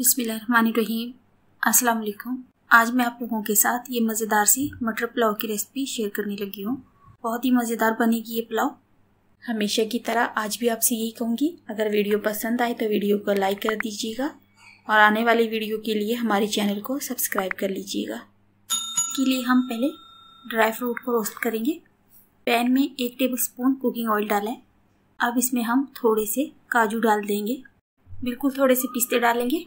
बिसमीम अस्सलाम वालेकुम आज मैं आप लोगों के साथ ये मज़ेदार सी मटर पुलाव की रेसिपी शेयर करने लगी हूँ बहुत ही मज़ेदार बनेगी ये पुलाव हमेशा की तरह आज भी आपसे यही कहूँगी अगर वीडियो पसंद आए तो वीडियो को लाइक कर दीजिएगा और आने वाली वीडियो के लिए हमारे चैनल को सब्सक्राइब कर लीजिएगा के लिए हम पहले ड्राई फ्रूट को रोस्ट करेंगे पैन में एक टेबल स्पून कुकिंग ऑयल डालें अब इसमें हम थोड़े से काजू डाल देंगे बिल्कुल थोड़े से पिस्ते डालेंगे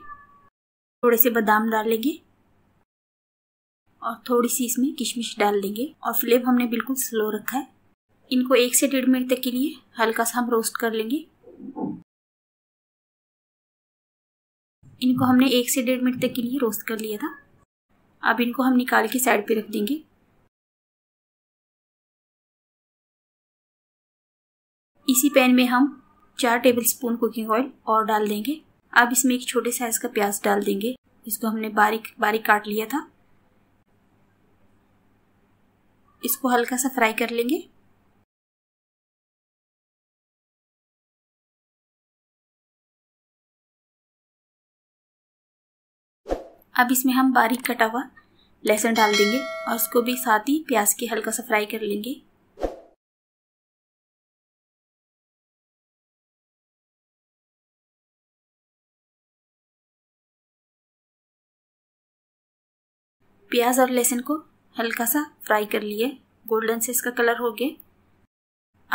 थोड़े से बादाम डालेंगे और थोड़ी सी इसमें किशमिश डाल देंगे और फ्लेम हमने बिल्कुल स्लो रखा है इनको एक से डेढ़ मिनट तक के लिए हल्का सा हम रोस्ट कर लेंगे इनको हमने एक से डेढ़ मिनट तक के लिए रोस्ट कर लिया था अब इनको हम निकाल के साइड पे रख देंगे इसी पैन में हम चार टेबलस्पून कुकिंग ऑयल और डाल देंगे अब इसमें एक छोटे साइज का प्याज डाल देंगे इसको हमने बारीक बारीक काट लिया था इसको हल्का सा फ्राई कर लेंगे अब इसमें हम बारीक कटा हुआ लहसुन डाल देंगे और इसको भी साथ ही प्याज के हल्का सा फ्राई कर लेंगे प्याज और लहसुन को हल्का सा फ्राई कर लिए गोल्डन से इसका कलर हो गया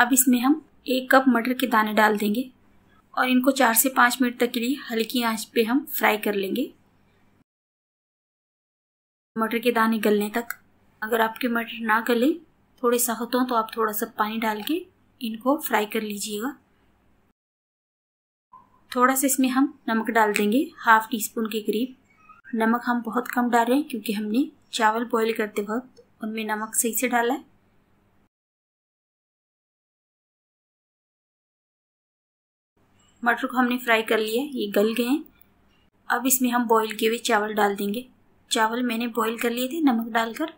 अब इसमें हम एक कप मटर के दाने डाल देंगे और इनको चार से पाँच मिनट तक के लिए हल्की आंच पे हम फ्राई कर लेंगे मटर के दाने गलने तक अगर आपके मटर ना गले थोड़े सख्त हों तो आप थोड़ा सा पानी डाल के इनको फ्राई कर लीजिएगा थोड़ा सा इसमें हम नमक डाल देंगे हाफ टी स्पून के करीब नमक हम बहुत कम डाल रहे हैं क्योंकि हमने चावल बॉईल करते वक्त उनमें नमक सही से डाला है मटर को हमने फ्राई कर लिया ये गल गए हैं अब इसमें हम बॉईल किए हुए चावल डाल देंगे चावल मैंने बॉईल कर लिए थे नमक डालकर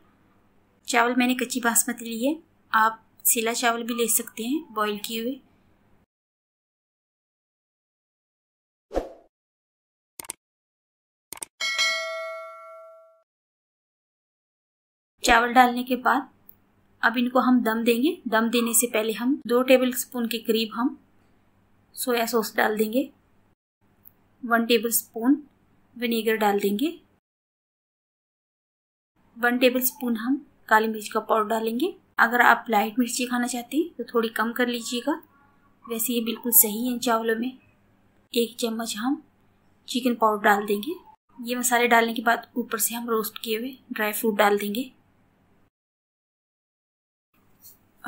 चावल मैंने कच्ची बासमती ली है आप सिला चावल भी ले सकते हैं बॉईल किए हुए चावल डालने के बाद अब इनको हम दम देंगे दम देने से पहले हम दो टेबल स्पून के करीब हम सोया सॉस डाल देंगे वन टेबल स्पून विनेगर डाल देंगे वन टेबल स्पून हम काली मिर्च का पाउडर डालेंगे अगर आप लाइट मिर्ची खाना चाहते हैं तो थोड़ी कम कर लीजिएगा वैसे ये बिल्कुल सही है चावलों में एक चम्मच हम चिकन पाउडर डाल देंगे ये मसाले डालने के बाद ऊपर से हम रोस्ट किए हुए ड्राई फ्रूट डाल देंगे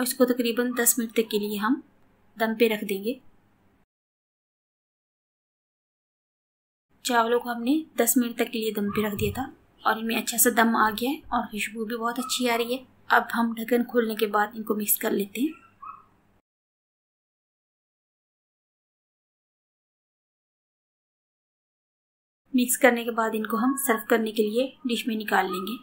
और इसको तकरीबन दस मिनट तक के लिए हम दम पे रख देंगे चावलों को हमने दस मिनट तक के लिए दम पे रख दिया था और इनमें अच्छा सा दम आ गया है और खुशबू भी बहुत अच्छी आ रही है अब हम ढक्कन खोलने के बाद इनको मिक्स कर लेते हैं मिक्स करने के बाद इनको हम सर्व करने के लिए डिश में निकाल लेंगे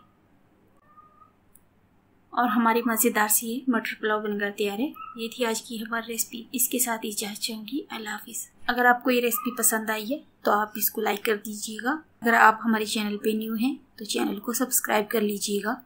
और हमारी मज़ेदार सी मटर पुलाव बनकर तैयार है ये थी आज की हमारी रेसिपी इसके साथ ही इजाज़त चाहूँगी अल्लाह हाफिज़ अगर आपको ये रेसिपी पसंद आई है तो आप इसको लाइक कर दीजिएगा अगर आप हमारे चैनल पे न्यू हैं तो चैनल को सब्सक्राइब कर लीजिएगा